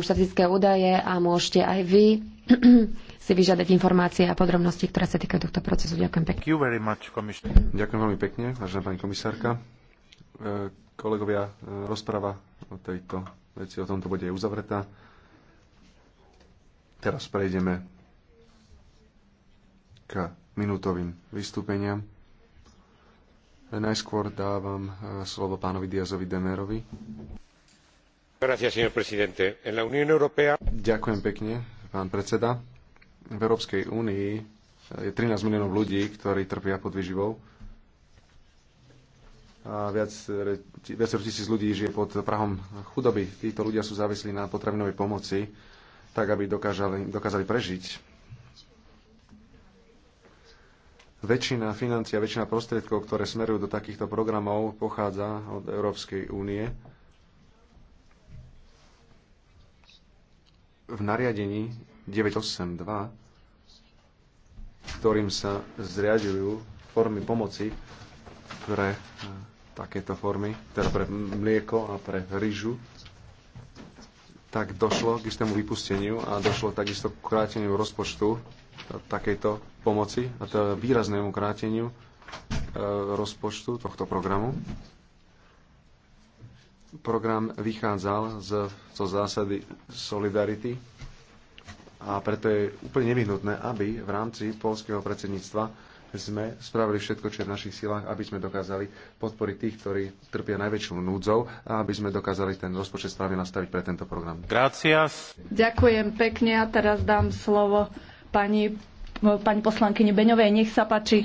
štatistické údaje a môžete aj vy si vyžiadať informácie a podrobnosti, ktoré sa týkajú tohto procesu. Ďakujem pekne. Much, Ďakujem veľmi pekne, vážená pani komisárka. E, kolegovia, e, rozprava o tejto veci, o tomto bode je uzavretá. Teraz prejdeme k minútovým vystúpeniam. E, najskôr dávam slovo pánovi Diazovi Demerovi. Ďakujem pekne, pán predseda. V Európskej únii je 13 miliónov ľudí, ktorí trpia pod výživou. A viac, e, viac tisíc ľudí žije pod prahom chudoby. Títo ľudia sú závislí na potravinovej pomoci, tak aby dokážali, dokázali prežiť. Väčšina financií a väčšina prostriedkov, ktoré smerujú do takýchto programov, pochádza od Európskej únie v nariadení 982, ktorým sa zriadujú formy pomoci pre e, takéto formy, teda pre mlieko a pre ryžu, tak došlo k istému vypusteniu a došlo takisto k kráteniu rozpočtu takejto pomoci a teda výraznému kráteniu e, rozpočtu tohto programu program vychádzal z, zo zásady solidarity a preto je úplne nevyhnutné, aby v rámci polského predsedníctva sme spravili všetko, čo je v našich silách, aby sme dokázali podporiť tých, ktorí trpia najväčšou núdzou a aby sme dokázali ten rozpočet správne nastaviť pre tento program. Gracias. Ďakujem pekne a teraz dám slovo pani, pani poslankyni Beňovej. Nech sa páči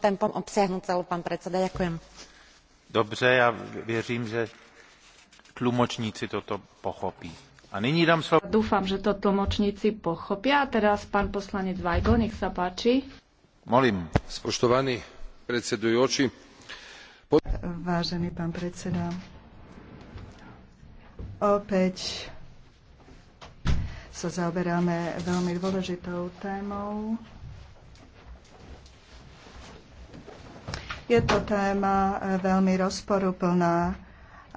tempom obsiahnuť celú, pán predseda. Ďakujem. Dobře, já věřím, že tlumočníci toto pochopí. A nyní dám slovo... Dúfam, že to tlmočníci pochopia. A teraz pán poslanec Vajgl, nech sa páči. Molím. Spoštovaný predsedujúci. Po... Vážený pán predseda, opäť sa zaoberáme veľmi dôležitou témou Je to téma eh, veľmi rozporuplná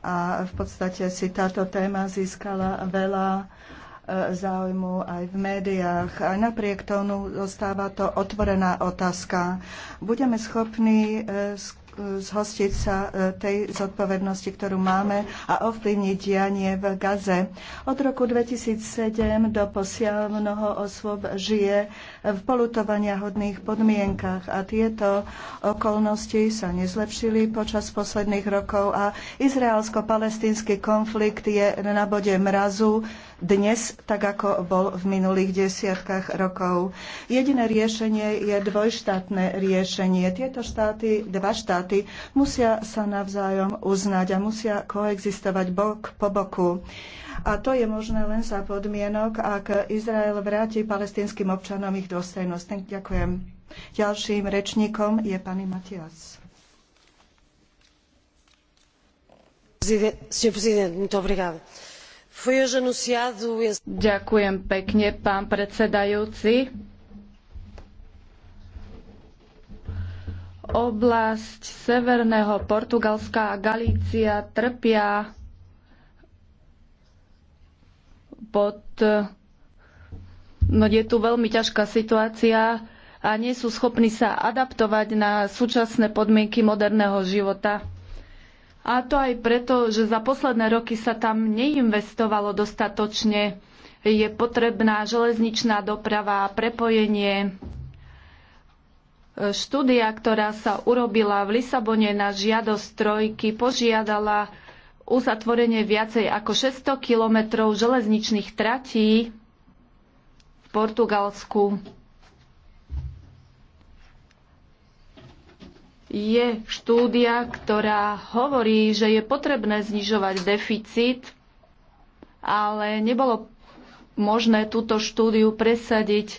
a v podstate si táto téma získala veľa eh, záujmu aj v médiách. Aj napriek tomu zostáva to otvorená otázka. Budeme schopní eh, zhostiť sa e, tej zodpovednosti, ktorú máme a ovplyvniť dianie v Gaze. Od roku 2007 do posiaľ mnoho osôb žije v polutovania hodných podmienkach a tieto okolnosti sa nezlepšili počas posledných rokov a izraelsko-palestínsky konflikt je na bode mrazu dnes, tak ako bol v minulých desiatkách rokov. Jediné riešenie je dvojštátne riešenie. Tieto štáty, dva štáty, musia sa navzájom uznať a musia koexistovať bok po boku. A to je možné len za podmienok, ak Izrael vráti palestinským občanom ich dôstojnosť. Ďakujem. Ďalším rečníkom je pani Matias. Senhor Presidente, muito obrigada. Ďakujem pekne, pán predsedajúci. Oblasť Severného Portugalska a Galícia trpia pod... No je tu veľmi ťažká situácia a nie sú schopní sa adaptovať na súčasné podmienky moderného života. A to aj preto, že za posledné roky sa tam neinvestovalo dostatočne. Je potrebná železničná doprava, prepojenie. E, štúdia, ktorá sa urobila v Lisabone na žiadosť trojky, požiadala uzatvorenie viacej ako 600 kilometrov železničných tratí v Portugalsku je štúdia, ktorá hovorí, že je potrebné znižovať deficit, ale nebolo možné túto štúdiu presadiť.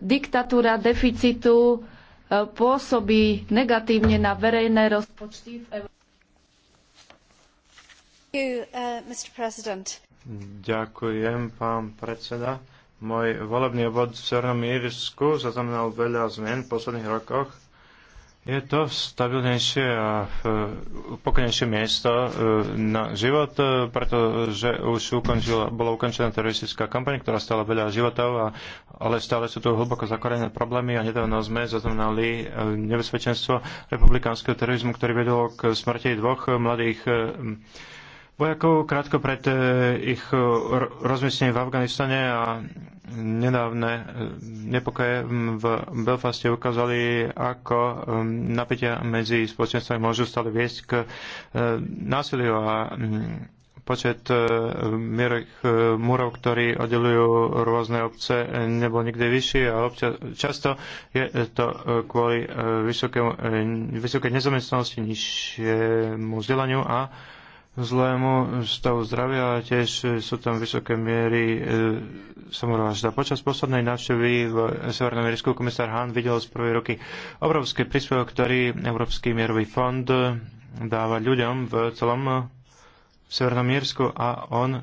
Diktatúra deficitu e, pôsobí negatívne na verejné rozpočty v Európe. Uh, Ďakujem, pán predseda. Môj volebný obvod v Černom Írsku zaznamenal veľa zmien v posledných rokoch je to stabilnejšie a e, pokojnejšie miesto e, na život, e, pretože už ukončila, bola ukončená teroristická kampaň, ktorá stala veľa životov, a, ale stále sú tu hlboko zakorené problémy a nedávno sme zaznamenali nebezpečenstvo republikánskeho terorizmu, ktorý vedol k smrti dvoch mladých vojakov krátko pred e, ich e, rozmiestnením v Afganistane a nedávne e, nepokoje v Belfaste ukázali, ako napätia medzi spoločenstvami môžu stále viesť k násiliu a mm, počet mierových múrov, ktorí oddelujú rôzne obce, nebol nikdy vyšší a občas, často je to kvôli vysokej nezamestnanosti, nižšiemu vzdelaniu a zlému stavu zdravia a tiež sú tam vysoké miery e, samovražda. Počas poslednej návštevy v Severnom Irsku komisár Hahn videl z prvej roky obrovský príspevok, ktorý Európsky mierový fond dáva ľuďom v celom Severnom a on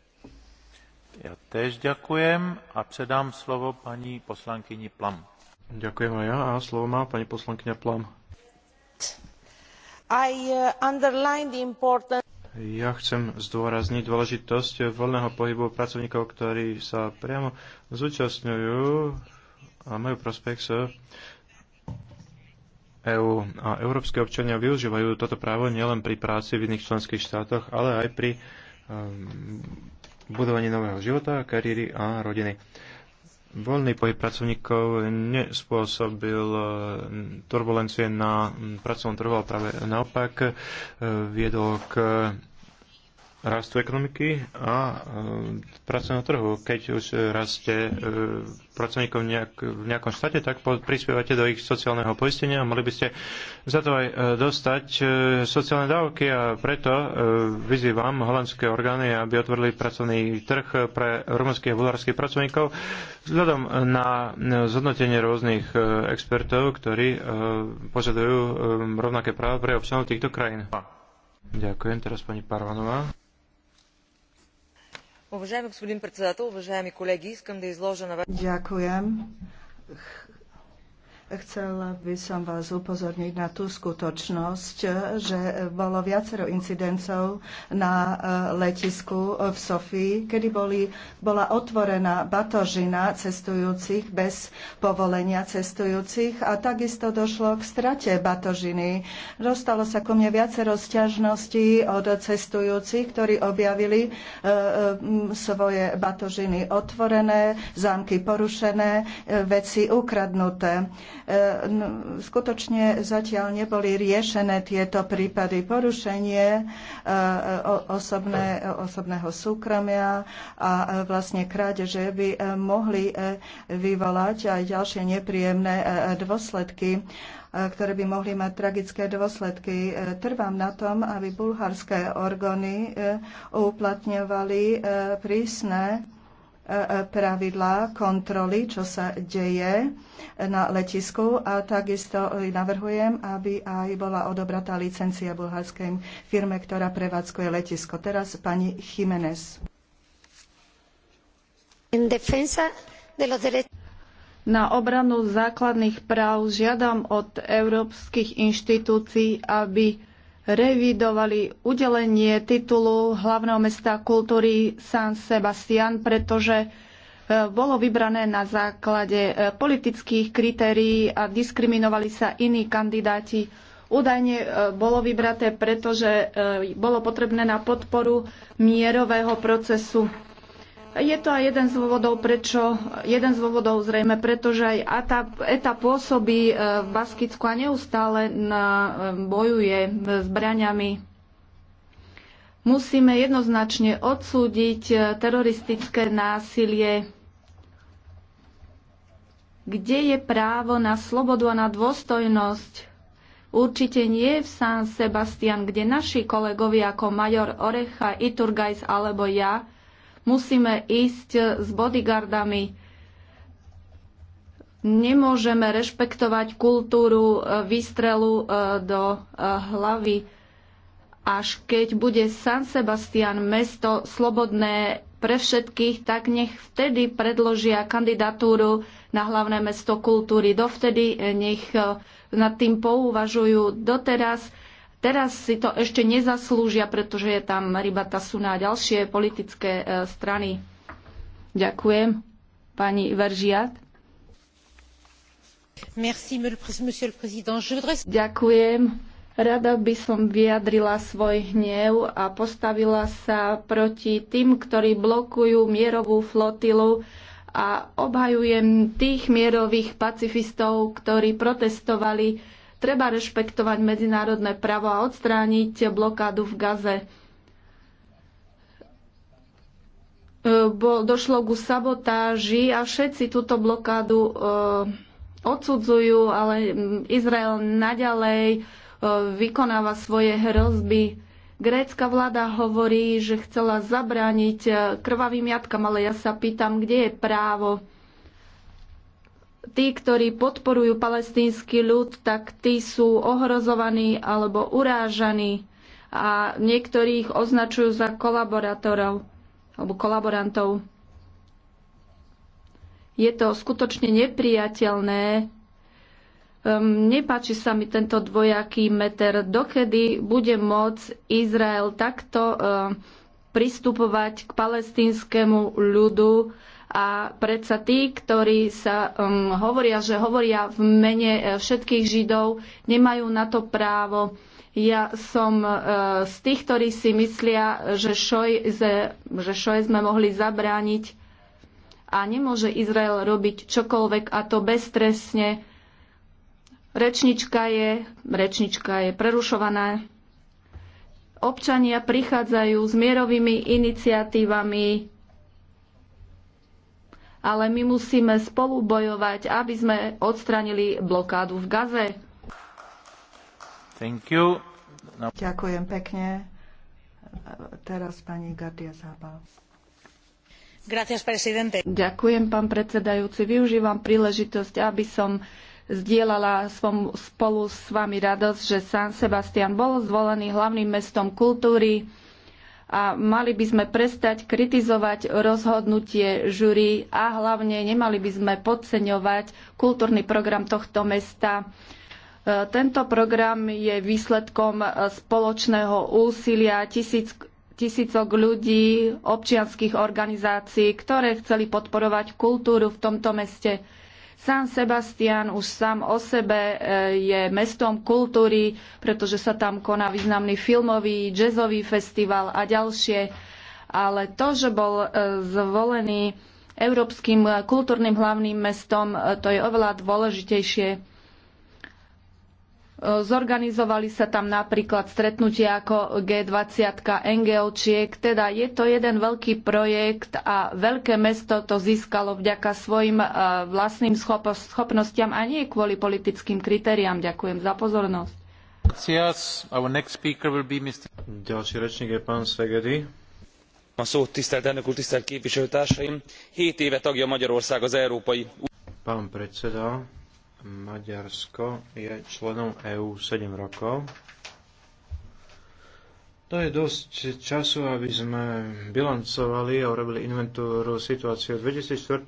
Ja tež ďakujem a předám slovo pani poslankyni Plam. Ďakujem aj ja a slovo má pani poslankyňa Plam. I uh, underline the importance ja chcem zdôrazniť dôležitosť voľného pohybu pracovníkov, ktorí sa priamo zúčastňujú a majú prospekt z EU A európske občania využívajú toto právo nielen pri práci v iných členských štátoch, ale aj pri um, budovanie nového života, kariéry a rodiny. Voľný pohyb pracovníkov nespôsobil eh, turbulencie na pracovnom trhu, ale práve naopak eh, viedol k rastu ekonomiky a e, práce na trhu. Keď už raste e, pracovníkov nejak, v nejakom štáte, tak prispievate do ich sociálneho poistenia a mohli by ste za to aj e, dostať sociálne dávky a preto vyzývam holandské orgány, aby otvorili pracovný trh pre rumunských a bulharských pracovníkov vzhľadom na zhodnotenie rôznych expertov, ktorí požadujú rovnaké práva pre občanov týchto krajín. Ďakujem, teraz pani Parvanová. Ďakujem. Chcela by som vás upozorniť na tú skutočnosť, že bolo viacero incidencov na e, letisku v Sofii, kedy boli, bola otvorená batožina cestujúcich bez povolenia cestujúcich a takisto došlo k strate batožiny. Dostalo sa ku mne viacero stiažností od cestujúcich, ktorí objavili e, e, svoje batožiny otvorené, zámky porušené, e, veci ukradnuté. E, no, skutočne zatiaľ neboli riešené tieto prípady porušenie e, osobné, osobného súkromia a e, vlastne krádeže by mohli vyvolať aj ďalšie nepríjemné dôsledky ktoré by mohli mať tragické dôsledky. Trvám na tom, aby bulharské orgány uplatňovali prísne pravidlá kontroly, čo sa deje na letisku a takisto navrhujem, aby aj bola odobratá licencia bulharskej firme, ktorá prevádzkuje letisko. Teraz pani Jiménez. Na obranu základných práv žiadam od európskych inštitúcií, aby revidovali udelenie titulu hlavného mesta kultúry San Sebastian, pretože e, bolo vybrané na základe e, politických kritérií a diskriminovali sa iní kandidáti. Údajne e, bolo vybraté, pretože bolo potrebné na podporu mierového procesu. Je to aj jeden z dôvodov, prečo, jeden z dôvodov zrejme, pretože aj ETA, ETA pôsobí e, v Baskicku a neustále na, e, bojuje s e, braňami. Musíme jednoznačne odsúdiť teroristické násilie. Kde je právo na slobodu a na dôstojnosť? Určite nie v San Sebastian, kde naši kolegovia ako major Orecha, Iturgajs alebo ja Musíme ísť s bodyguardami. Nemôžeme rešpektovať kultúru e, výstrelu e, do e, hlavy. Až keď bude San Sebastian mesto slobodné pre všetkých, tak nech vtedy predložia kandidatúru na hlavné mesto kultúry. Dovtedy nech nad tým pouvažujú. Doteraz Teraz si to ešte nezaslúžia, pretože je tam Ribata Suna a ďalšie politické e, strany. Ďakujem. Pani Veržiat. Merci, monsieur le président. Je voudrais... Ďakujem. Rada by som vyjadrila svoj hnev a postavila sa proti tým, ktorí blokujú mierovú flotilu a obhajujem tých mierových pacifistov, ktorí protestovali Treba rešpektovať medzinárodné právo a odstrániť blokádu v Gaze. E, došlo ku sabotáži a všetci túto blokádu e, odsudzujú, ale mm, Izrael naďalej e, vykonáva svoje hrozby. Grécka vláda hovorí, že chcela zabrániť krvavým jatkam, ale ja sa pýtam, kde je právo tí, ktorí podporujú palestínsky ľud, tak tí sú ohrozovaní alebo urážaní a niektorých označujú za kolaborátorov alebo kolaborantov. Je to skutočne nepriateľné. Um, nepáči sa mi tento dvojaký meter. Dokedy bude môcť Izrael takto um, pristupovať k palestínskému ľudu a predsa tí, ktorí sa um, hovoria, že hovoria v mene e, všetkých Židov, nemajú na to právo. Ja som uh, z tých, ktorí si myslia, že šoj, ze, že šoj sme mohli zabrániť a nemôže Izrael robiť čokoľvek a to beztresne. Rečnička je, rečnička je prerušovaná. Občania prichádzajú s mierovými iniciatívami, ale my musíme spolu bojovať, aby sme odstranili blokádu v Gaze. Thank you. No. Ďakujem pekne. Teraz pani Gardia Zábal. Gracias, presidente. Ďakujem, pán predsedajúci. Využívam príležitosť, aby som zdieľala svom, spolu s vami radosť, že San Sebastian bol zvolený hlavným mestom kultúry a mali by sme prestať kritizovať rozhodnutie žury a hlavne nemali by sme podceňovať kultúrny program tohto mesta. E, tento program je výsledkom spoločného úsilia tisíc, tisícok ľudí, občianských organizácií, ktoré chceli podporovať kultúru v tomto meste. San Sebastian už sám o sebe e, je mestom kultúry, pretože sa tam koná významný filmový, jazzový festival a ďalšie. Ale to, že bol e, zvolený európskym kultúrnym hlavným mestom, e, to je oveľa dôležitejšie. Zorganizovali sa tam napríklad stretnutia ako G20, čiek. teda je to jeden veľký projekt a veľké mesto to získalo vďaka svojim e, vlastným schopnostiam a nie kvôli politickým kritériám. Ďakujem za pozornosť. Ďalší rečník je pán Tisztelt elnök úr, tisztelt képviselőtársaim! éve tagja Magyarország az Európai Pán predseda, Maďarsko je členom EÚ 7 rokov. To je dosť času, aby sme bilancovali a urobili inventúru situácie. V 2004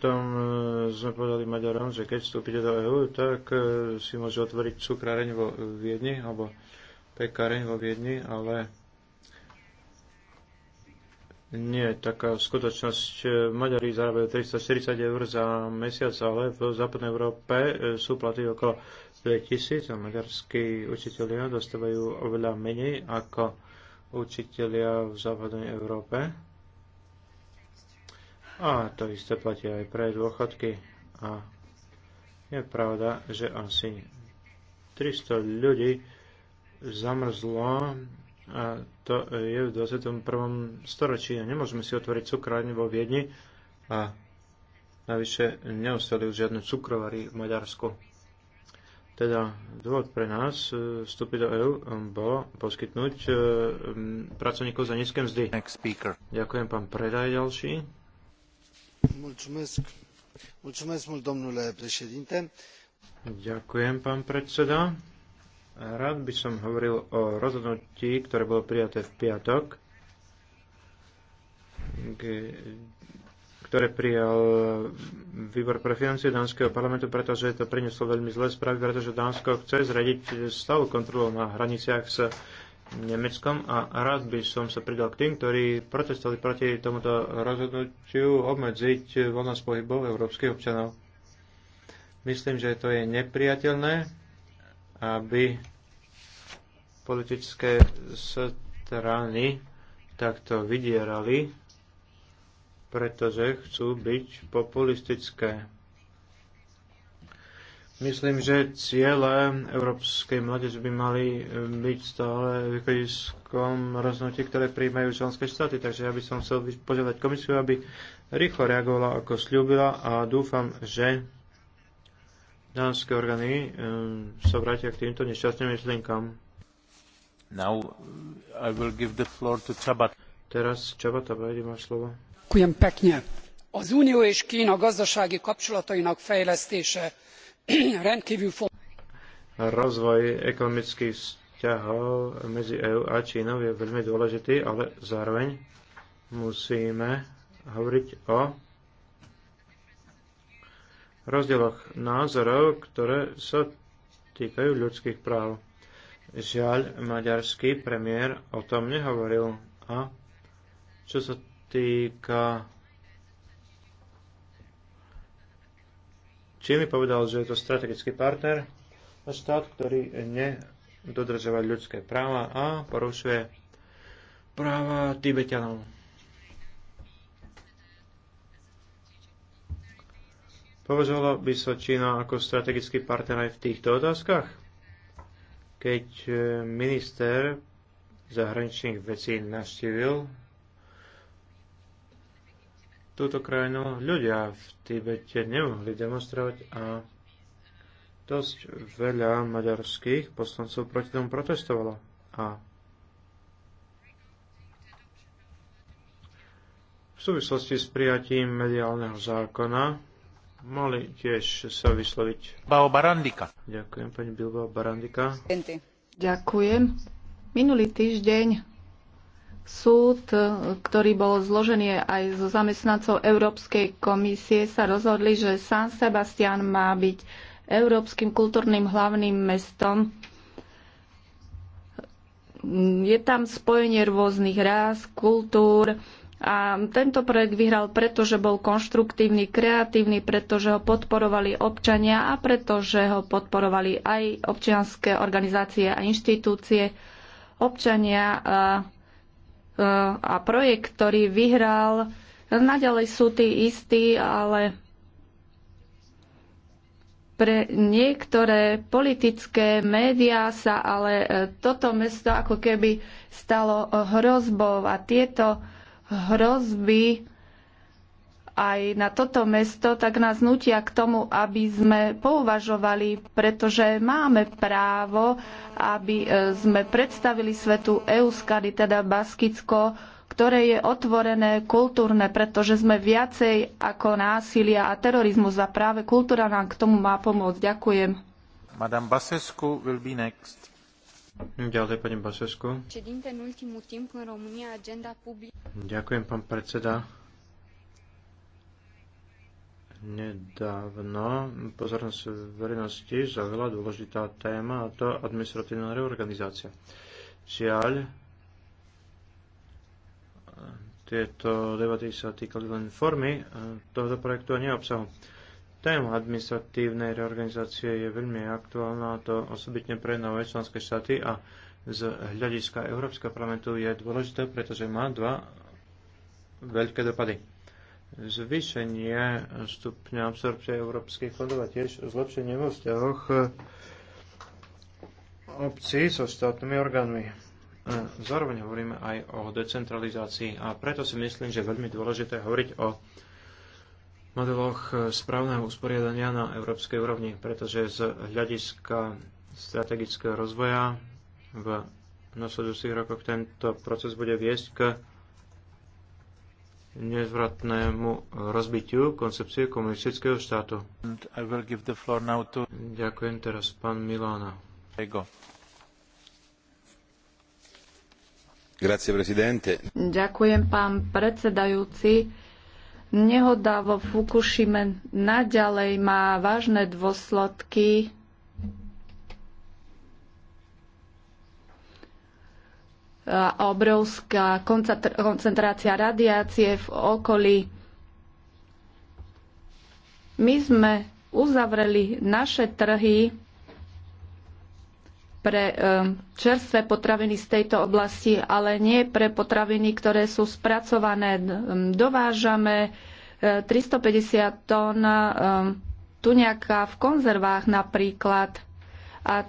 e, sme povedali Maďarom, že keď vstúpite do EÚ, tak e, si môže otvoriť cukráreň vo Viedni alebo pekáreň vo Viedni, ale nie, taká skutočnosť. E, Maďari zarábajú 340 eur za mesiac, ale v západnej Európe e, sú platy okolo 2000 a maďarskí učitelia dostávajú oveľa menej ako učitelia v západnej Európe. A to isté platí aj pre dôchodky. A je pravda, že asi 300 ľudí zamrzlo a to je v 21. storočí a nemôžeme si otvoriť cukráň vo Viedni a navyše neostali už žiadne cukrovary v Maďarsku. Teda dôvod pre nás e, vstúpiť do EU e, bolo poskytnúť e, pracovníkov za nízke mzdy. Ďakujem pán Predaj ďalší. Mulțumesc. Mulțumesc mult, domnule președinte. Ďakujem, pán predseda. Rád by som hovoril o rozhodnutí, ktoré bolo prijaté v piatok, ktoré prijal výbor pre financie Dánskeho parlamentu, pretože to prinieslo veľmi zlé správy, pretože Dánsko chce zradiť stavu kontrolu na hraniciach s Nemeckom a rád by som sa pridal k tým, ktorí protestovali proti tomuto rozhodnutiu obmedziť voľnosť pohybov európskych občanov. Myslím, že to je nepriateľné aby politické strany takto vydierali, pretože chcú byť populistické. Myslím, že ciele európskej mládež by mali byť stále východiskom rozhodnutí, ktoré prijímajú členské štáty. Takže ja by som chcel požiadať komisiu, aby rýchlo reagovala, ako slúbila a dúfam, že dánske orgány ehm, sa vrátia k týmto nešťastným myšlienkam. Now I will give the floor to Čabat. Teraz Čabata, bajde, máš slovo. Ďakujem pekne. Az Unió és Kína gazdasági kapcsolatainak fejlesztése rendkívül fontos. A Rozvoj ekonomických vzťahov medzi EÚ a Čínou je veľmi dôležitý, ale zároveň musíme hovoriť o rozdieloch názorov, ktoré sa týkajú ľudských práv. Žiaľ, maďarský premiér o tom nehovoril. A čo sa týka... Či mi povedal, že je to strategický partner a štát, ktorý nedodržuje ľudské práva a porušuje práva Tibetanov. Považovalo by sa Čína ako strategický partner aj v týchto otázkach? Keď e, minister zahraničných vecí navštívil túto krajinu, ľudia v Tibete nemohli demonstrovať a dosť veľa maďarských poslancov proti tomu protestovalo. A v súvislosti s prijatím mediálneho zákona mali tiež sa vysloviť. Bao Barandika. Ďakujem, pani Bilbao Barandika. Ďakujem. Minulý týždeň súd, ktorý bol zložený aj zo zamestnancov Európskej komisie, sa rozhodli, že San Sebastian má byť európskym kultúrnym hlavným mestom. Je tam spojenie rôznych rás, kultúr, a tento projekt vyhral, pretože bol konštruktívny, kreatívny, pretože ho podporovali občania a pretože ho podporovali aj občianské organizácie a inštitúcie. Občania a, a projekt, ktorý vyhral, naďalej sú tí istí, ale pre niektoré politické médiá sa ale e, toto mesto ako keby stalo hrozbou a tieto hrozby aj na toto mesto, tak nás nutia k tomu, aby sme pouvažovali, pretože máme právo, aby e, sme predstavili svetu Euskady, teda Baskicko, ktoré je otvorené, kultúrne, pretože sme viacej ako násilia a terorizmus a práve kultúra nám k tomu má pomôcť. Ďakujem. Madame Basescu will be next. Ďalej, pani Basescu. Ďakujem, pán predseda. Nedávno pozornosť verejnosti zaujala dôležitá téma, a to administratívna reorganizácia. Žiaľ, tieto debaty sa týkali len formy eh, tohto projektu a neobsahu. obsahu Téma administratívnej reorganizácie je veľmi aktuálna, to osobitne pre nové členské štáty a z hľadiska Európskeho parlamentu je dôležité, pretože má dva veľké dopady. Zvýšenie stupňa absorpcie európskych fondov a tiež zlepšenie vo vzťahoch obcí so štátnymi orgánmi. Zároveň hovoríme aj o decentralizácii a preto si myslím, že je veľmi dôležité hovoriť o modeloch e, správneho usporiadania na európskej úrovni, pretože z hľadiska strategického rozvoja v nasledujúcich rokoch tento proces bude viesť k nezvratnému rozbitiu koncepcie komunistického štátu. To... Ďakujem teraz pán Milána. Grazie, Ďakujem pán predsedajúci Nehoda vo Fukushime naďalej má vážne dôsledky obrovská koncentrácia radiácie v okolí. My sme uzavreli naše trhy pre eh, čerstvé potraviny z tejto oblasti, ale nie pre potraviny, ktoré sú spracované. Dovážame 350 eh, tón eh, tuňaka v konzervách napríklad a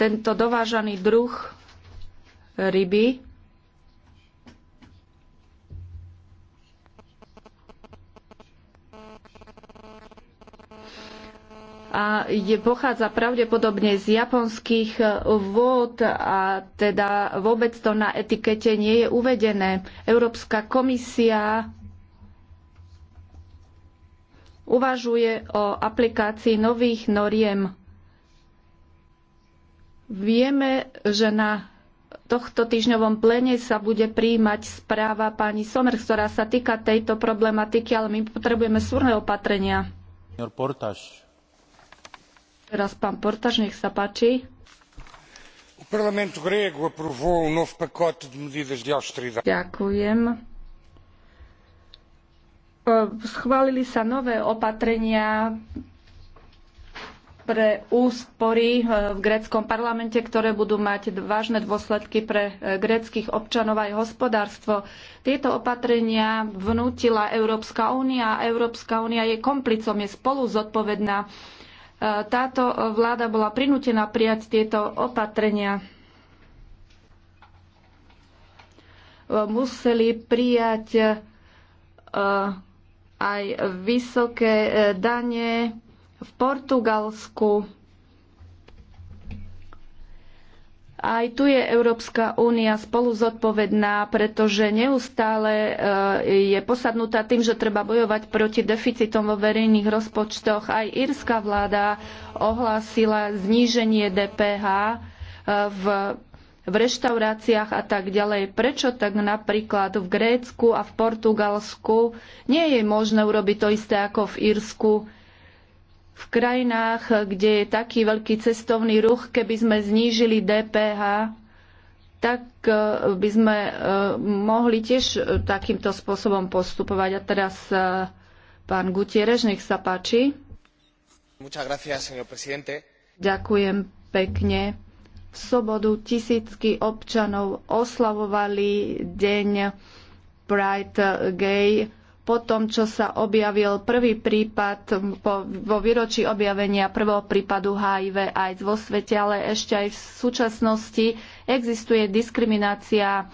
tento dovážaný druh ryby a je, pochádza pravdepodobne z japonských e, vôd a teda vôbec to na etikete nie je uvedené. Európska komisia uvažuje o aplikácii nových noriem. Vieme, že na tohto týždňovom plene sa bude príjmať správa pani Somer, ktorá sa týka tejto problematiky, ale my potrebujeme súrne opatrenia. Teraz pán Portaž, nech sa páči. O Parlamento grego aprovou um novo pacote de medidas de austeridade. Ďakujem. Schválili sa nové opatrenia pre úspory e, v gréckom parlamente, ktoré budú mať vážne dôsledky pre e, gréckých občanov aj hospodárstvo. Tieto opatrenia vnútila Európska únia a Európska únia je komplicom, je spolu zodpovedná táto vláda bola prinútená prijať tieto opatrenia. Museli prijať e, aj vysoké e, dane v Portugalsku Aj tu je Európska únia spolu zodpovedná, pretože neustále e, je posadnutá tým, že treba bojovať proti deficitom vo verejných rozpočtoch. Aj írska vláda ohlásila zníženie DPH e, v v reštauráciách a tak ďalej. Prečo tak napríklad v Grécku a v Portugalsku nie je možné urobiť to isté ako v Írsku? v krajinách, kde je taký veľký cestovný ruch, keby sme znížili DPH, tak eh, by sme eh, mohli tiež eh, takýmto spôsobom postupovať. A teraz pán Gutierrez, nech sa páči. Ďakujem pekne. V sobodu tisícky občanov oslavovali deň Pride Gay po tom, čo sa objavil prvý prípad po, vo výročí objavenia prvého prípadu HIV aj vo svete, ale ešte aj v súčasnosti existuje diskriminácia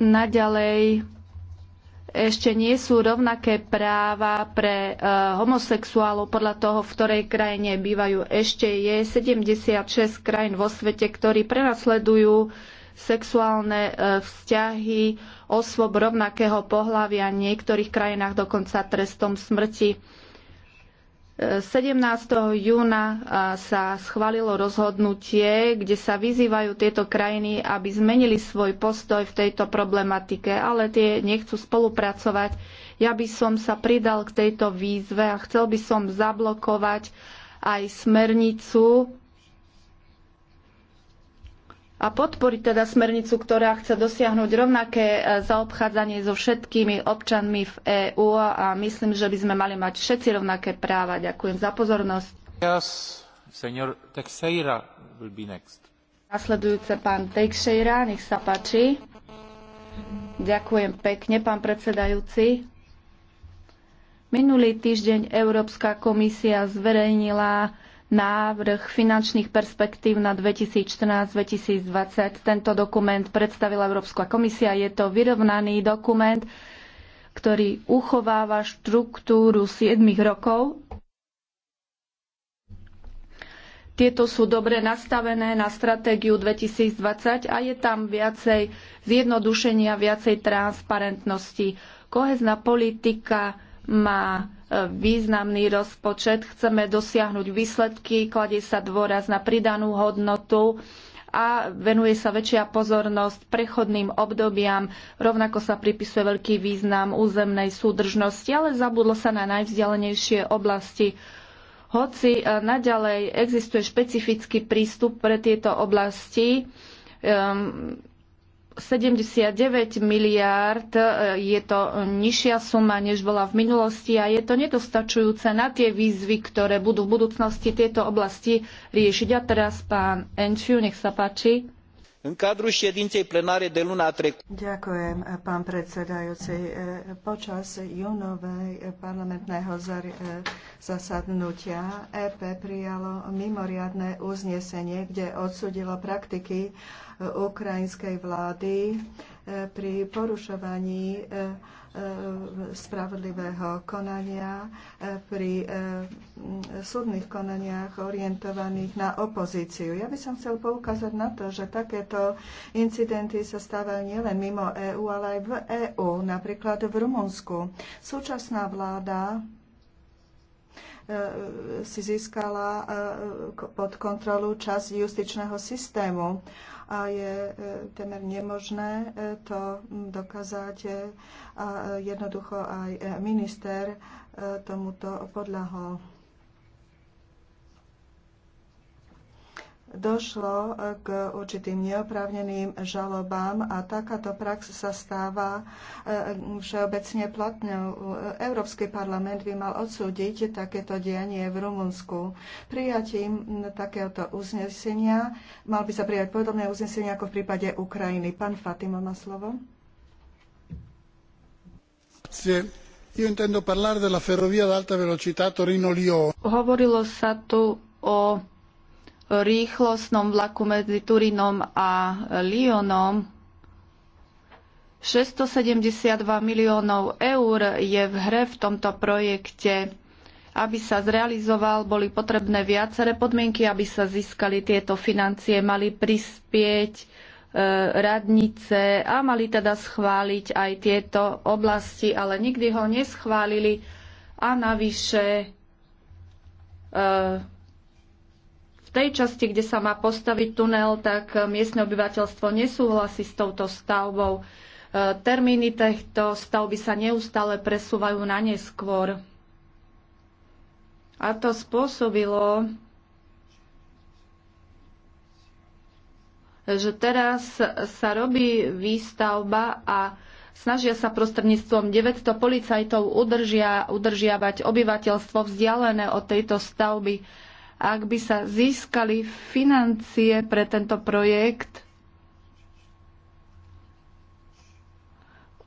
naďalej ešte nie sú rovnaké práva pre e, homosexuálov podľa toho, v ktorej krajine bývajú. Ešte je 76 krajín vo svete, ktorí prenasledujú sexuálne e, vzťahy osôb rovnakého pohľavia, v niektorých krajinách dokonca trestom smrti. 17. E, júna e, sa schválilo rozhodnutie, kde sa vyzývajú tieto krajiny, aby zmenili svoj postoj v tejto problematike, ale tie nechcú spolupracovať. Ja by som sa pridal k tejto výzve a chcel by som zablokovať aj smernicu a podporiť teda smernicu, ktorá chce dosiahnuť rovnaké e, zaobchádzanie so všetkými občanmi v EÚ a myslím, že by sme mali mať všetci rovnaké práva. Ďakujem za pozornosť. Nasledujúce pán Teixeira, nech sa páči. Ďakujem pekne, pán predsedajúci. Minulý týždeň Európska komisia zverejnila návrh finančných perspektív na 2014-2020. Tento dokument predstavila Európska komisia. Je to vyrovnaný dokument, ktorý uchováva štruktúru 7 rokov. Tieto sú dobre nastavené na stratégiu 2020 a je tam viacej zjednodušenia, viacej transparentnosti. Kohezná politika má e, významný rozpočet, chceme dosiahnuť výsledky, kladie sa dôraz na pridanú hodnotu a venuje sa väčšia pozornosť prechodným obdobiam. Rovnako sa pripisuje veľký význam územnej súdržnosti, ale zabudlo sa na najvzdialenejšie oblasti. Hoci e, naďalej existuje špecifický prístup pre tieto oblasti, e, 79 miliárd e, je to nižšia suma, než bola v minulosti a je to nedostačujúce na tie výzvy, ktoré budú v budúcnosti tieto oblasti riešiť. A teraz pán Enčiu, nech sa páči. În cadrul ședinței plenare de luna trecută... Ďakujem, e, Počas parlamentného e, zasadnutia EP prijalo mimoriadne uznesenie, kde odsudilo praktiky e, ukrajinskej vlády pri porušovaní E, spravodlivého konania e, pri e, súdnych konaniach orientovaných na opozíciu. Ja by som chcel poukázať na to, že takéto incidenty sa stávajú nielen mimo EÚ, ale aj v EÚ, napríklad v Rumunsku. Súčasná vláda si získala pod kontrolu časť justičného systému a je e, temer nemožné e, to dokázať. E, a jednoducho aj minister tomuto podľahol. došlo e, k určitým neoprávneným žalobám a takáto prax sa stáva e, všeobecne platnou. Európsky parlament by mal odsúdiť takéto dianie v Rumunsku. Prijatím takéhoto uznesenia mal by sa prijať podobné uznesenie ako v prípade Ukrajiny. Pán Fatimo má slovo. Hovorilo sa tu o rýchlostnom vlaku medzi Turinom a Lyonom. 672 miliónov eur je v hre v tomto projekte. Aby sa zrealizoval, boli potrebné viaceré podmienky, aby sa získali tieto financie, mali prispieť e, radnice a mali teda schváliť aj tieto oblasti, ale nikdy ho neschválili a navyše e, tej časti, kde sa má postaviť tunel, tak e, miestne obyvateľstvo nesúhlasí s touto stavbou. E, termíny tejto stavby sa neustále presúvajú na neskôr. A to spôsobilo, že teraz sa robí výstavba a snažia sa prostredníctvom 900 policajtov udržia, udržiavať obyvateľstvo vzdialené od tejto stavby ak by sa získali financie pre tento projekt,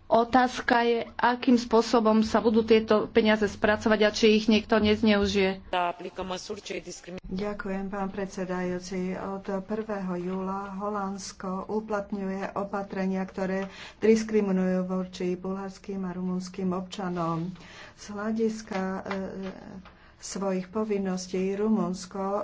Otázka je, akým spôsobom sa budú tieto peniaze spracovať a či ich niekto nezneužije. Ďakujem, pán predsedajúci. Od 1. júla Holandsko uplatňuje opatrenia, ktoré diskriminujú voči bulharským a rumunským občanom. Z hľadiska e, e, svojich povinností Rumunsko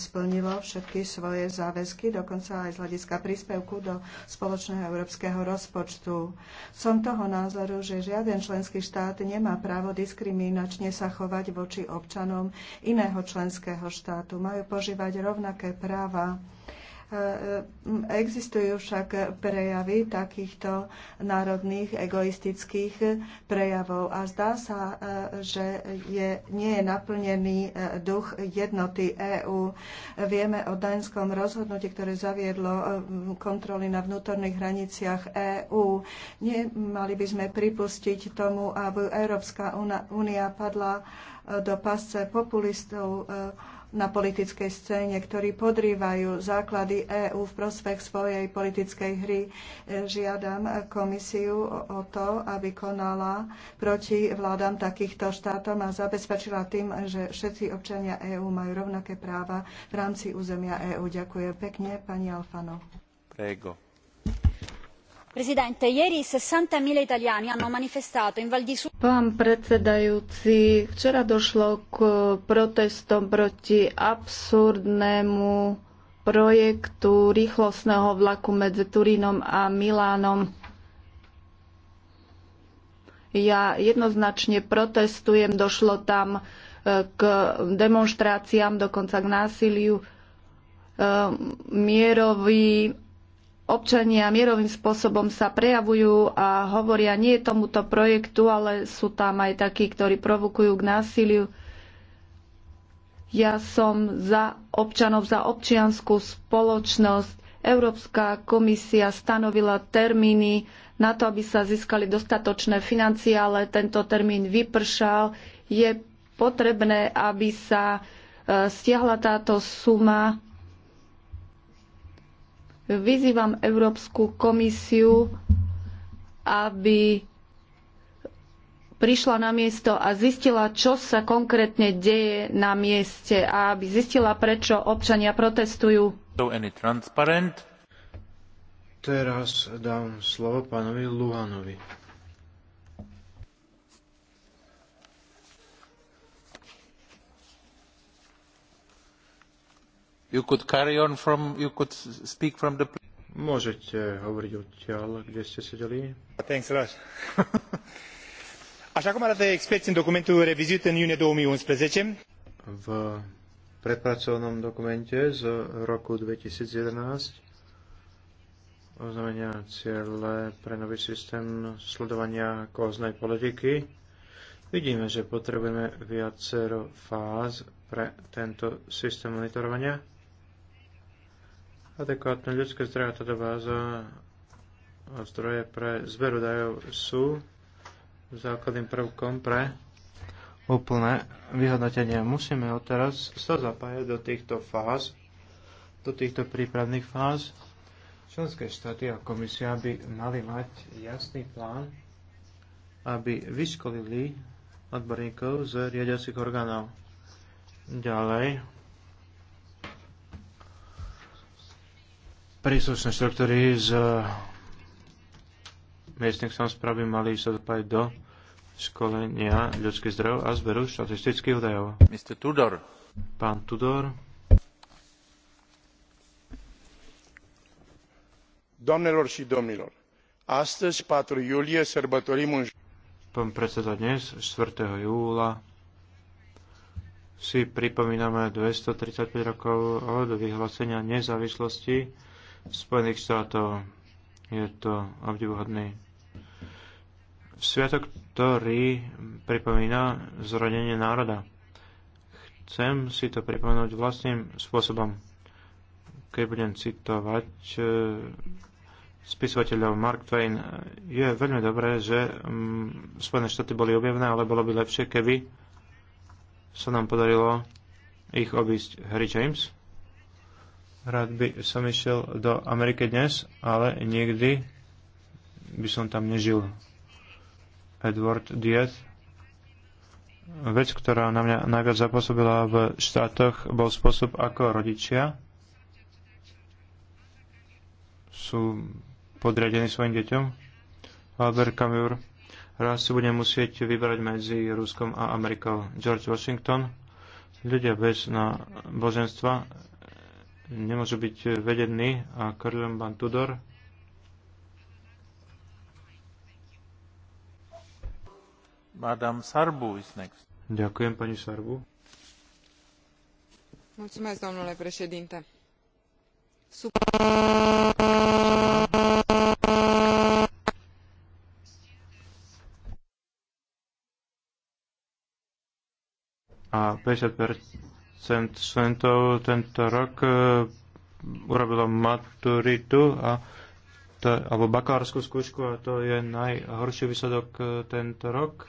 splnilo všetky svoje záväzky, dokonca aj z hľadiska príspevku do spoločného európskeho rozpočtu. Som toho názoru, že žiaden členský štát nemá právo diskriminačne sa chovať voči občanom iného členského štátu. Majú požívať rovnaké práva. Eh, existujú však prejavy takýchto národných egoistických prejavov a zdá sa, eh, že je, nie je naplnený eh, duch jednoty EÚ. Vieme o daňskom rozhodnutí, ktoré zaviedlo kontroly na vnútorných hraniciach EÚ. Nemali by sme pripustiť tomu, aby Európska únia padla do pasce populistov, na politickej scéne, ktorí podrývajú základy EÚ v prospech svojej politickej hry. E, žiadam komisiu o to, aby konala proti vládam takýchto štátom a zabezpečila tým, že všetci občania EÚ majú rovnaké práva v rámci územia EÚ. Ďakujem pekne, pani Alfano. Prego. Presidente, ieri 60.000 italiani hanno manifestato in Val di Susa. Pán predsedajúci, včera došlo k protestom proti absurdnému projektu rýchlostného vlaku medzi Turínom a Milánom. Ja jednoznačne protestujem, došlo tam e, k demonstráciám, dokonca k násiliu. E, mierový občania mierovým spôsobom sa prejavujú a hovoria nie tomuto projektu, ale sú tam aj takí, ktorí provokujú k násiliu. Ja som za občanov, za občianskú spoločnosť. Európska komisia stanovila termíny na to, aby sa získali dostatočné financie, ale tento termín vypršal. Je potrebné, aby sa e, stiahla táto suma Vyzývam Európsku komisiu, aby prišla na miesto a zistila, čo sa konkrétne deje na mieste a aby zistila, prečo občania protestujú. Teraz dám slovo pánovi Luhanovi. Môžete hovoriť odtiaľ, kde ste sedeli. cum arată experii în documentul revizuit în iunie unsprezece v predpracovnom dokumente z roku 2011 oznámenia cieľe pre nový systém sledovania kohoznej politiky. Vidíme, že potrebujeme viacero fáz pre tento systém monitorovania Adekvátne ľudské zdroje, teda báza a zdroje pre zberu dajov sú základným prvkom pre úplné vyhodnotenie. Musíme odteraz sa zapájať do týchto fáz, do týchto prípravných fáz. Členské štáty a komisia by mali mať jasný plán, aby vyškolili odborníkov z riadiacich orgánov. Ďalej, príslušné štruktúry z eh, miestnych by mali sa zapájať do školenia ľudských zdrojov a zberu štatistických údajov. Mr. Tudor. Pán Tudor. Domnilor și domnilor, astăzi, 4 iulie, sărbătorim un... Pán predseda, dnes, 4. júla, si pripomíname 235 rokov od vyhlásenia nezávislosti Spojených štátov. Je to obdivuhodný sviatok, ktorý pripomína zrodenie národa. Chcem si to pripomenúť vlastným spôsobom. Keď budem citovať eh, spisovateľov Mark Twain, je veľmi dobré, že mm, Spojené štáty boli objavné, ale bolo by lepšie, keby sa nám podarilo ich obísť Harry James Rád by som išiel do Ameriky dnes, ale nikdy by som tam nežil. Edward Diet. Vec, ktorá na mňa najviac zapôsobila v štátoch, bol spôsob, ako rodičia sú podriadení svojim deťom. Albert Camus. Raz si budem musieť vybrať medzi Ruskom a Amerikou. George Washington. Ľudia bez na boženstva nemôže byť vedený a Karlem Van Tudor Madame Sarbu is next. Ďakujem, pani Sarbu. Mulțumesc, domnule președinte. Sub... A 50 centov tento rok e, urobilo maturitu a to, alebo bakalárskú skúšku a to je najhorší výsledok e, tento rok.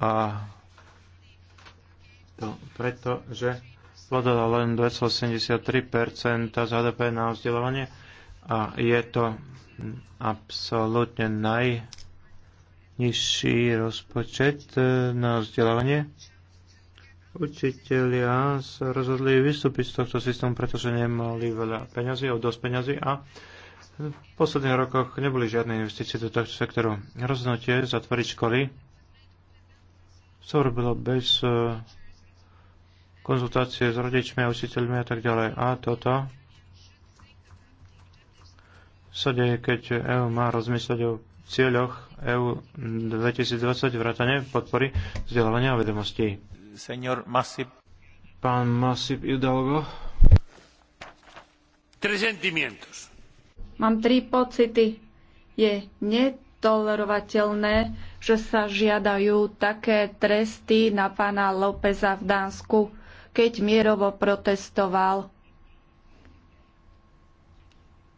A to preto, že vládala len 2,73% z HDP na vzdelávanie a je to absolútne najnižší rozpočet e, na vzdelávanie Učitelia sa rozhodli vystúpiť z tohto systému, pretože nemali veľa peňazí, alebo dosť peňazí a v posledných rokoch neboli žiadne investície do tohto sektoru. Rozhodnutie zatvoriť školy sa urobilo bez e, konzultácie s rodičmi a učiteľmi a tak ďalej. A toto sa deje, keď EU má rozmýšľať o cieľoch EU 2020 vrátane podpory vzdelávania a vedomostí señor Masip. Pán Masip Hidalgo. Tres sentimientos. Mám tri pocity. Je netolerovateľné, že sa žiadajú také tresty na pána Lópeza v Dánsku, keď mierovo protestoval.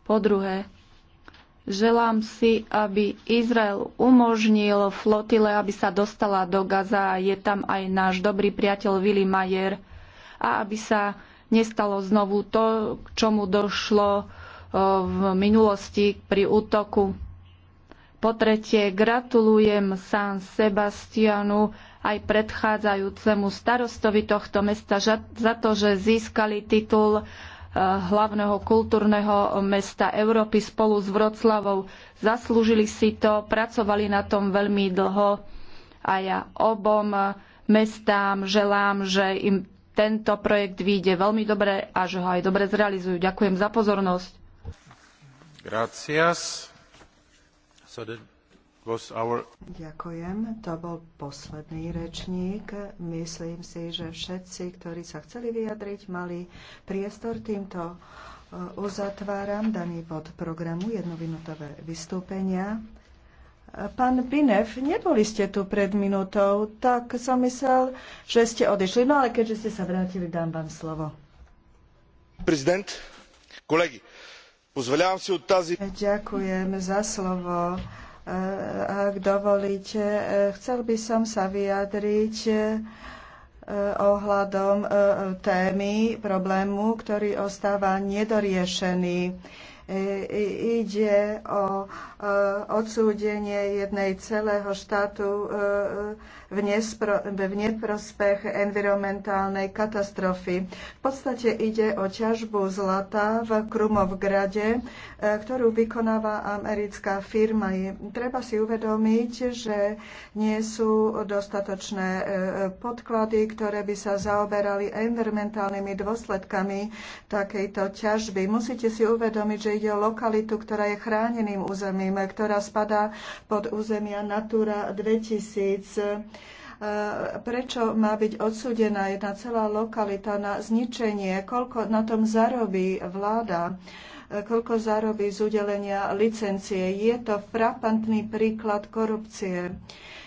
Po druhé, Želám si, aby Izrael umožnil flotile, aby sa dostala do Gaza. Je tam aj náš dobrý priateľ Willy Mayer. A aby sa nestalo znovu to, k čomu došlo e, v minulosti pri útoku. Po tretie, gratulujem San Sebastianu aj predchádzajúcemu starostovi tohto mesta za to, že získali titul hlavného kultúrneho mesta Európy spolu s Vroclavou. Zaslúžili si to, pracovali na tom veľmi dlho a ja obom mestám želám, že im tento projekt vyjde veľmi dobre a že ho aj dobre zrealizujú. Ďakujem za pozornosť. Gracias. Our... Ďakujem. To bol posledný rečník. Myslím si, že všetci, ktorí sa chceli vyjadriť, mali priestor. Týmto e, uzatváram daný bod programu jednominútové vystúpenia. E, pán Binev, neboli ste tu pred minútou, tak som myslel, že ste odišli. No ale keďže ste sa vrátili, dám vám slovo. Prezident, kolegy, pozvolám si od tazi... Ďakujem za slovo ak dovolíte, eh, chcel by som sa vyjadriť eh, ohľadom eh, témy, problému, ktorý ostáva nedoriešený. Ide o Eh, odsúdenie jednej celého štátu eh, v, nespro, v neprospech environmentálnej katastrofy. V podstate ide o ťažbu zlata v Krumovgrade, eh, ktorú vykonáva americká firma. Treba si uvedomiť, že nie sú dostatočné podklady, ktoré by sa zaoberali environmentálnymi dôsledkami takejto ťažby. Musíte si uvedomiť, že ide o lokalitu, ktorá je chráneným územím Černým, ktorá spadá pod územia Natura 2000 e, prečo má byť odsudená jedna celá lokalita na zničenie, koľko na tom zarobí vláda koľko zarobí z udelenia licencie. Je to frapantný príklad korupcie.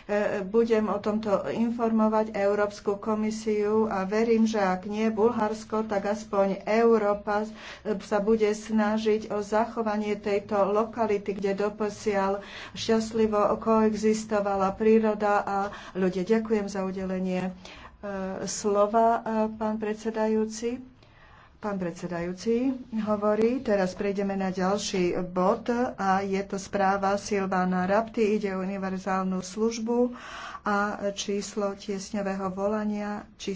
E, budem o tomto informovať Európsku komisiu a verím, že ak nie Bulharsko, tak aspoň Európa sa bude snažiť o zachovanie tejto lokality, kde doposiaľ šťastlivo koexistovala príroda a ľudia. Ďakujem za udelenie e, slova, e, pán predsedajúci. Pán predsedajúci hovorí, teraz prejdeme na ďalší bod a je to správa Silvana Rapti, ide o univerzálnu službu a číslo tiesňového volania. Číslo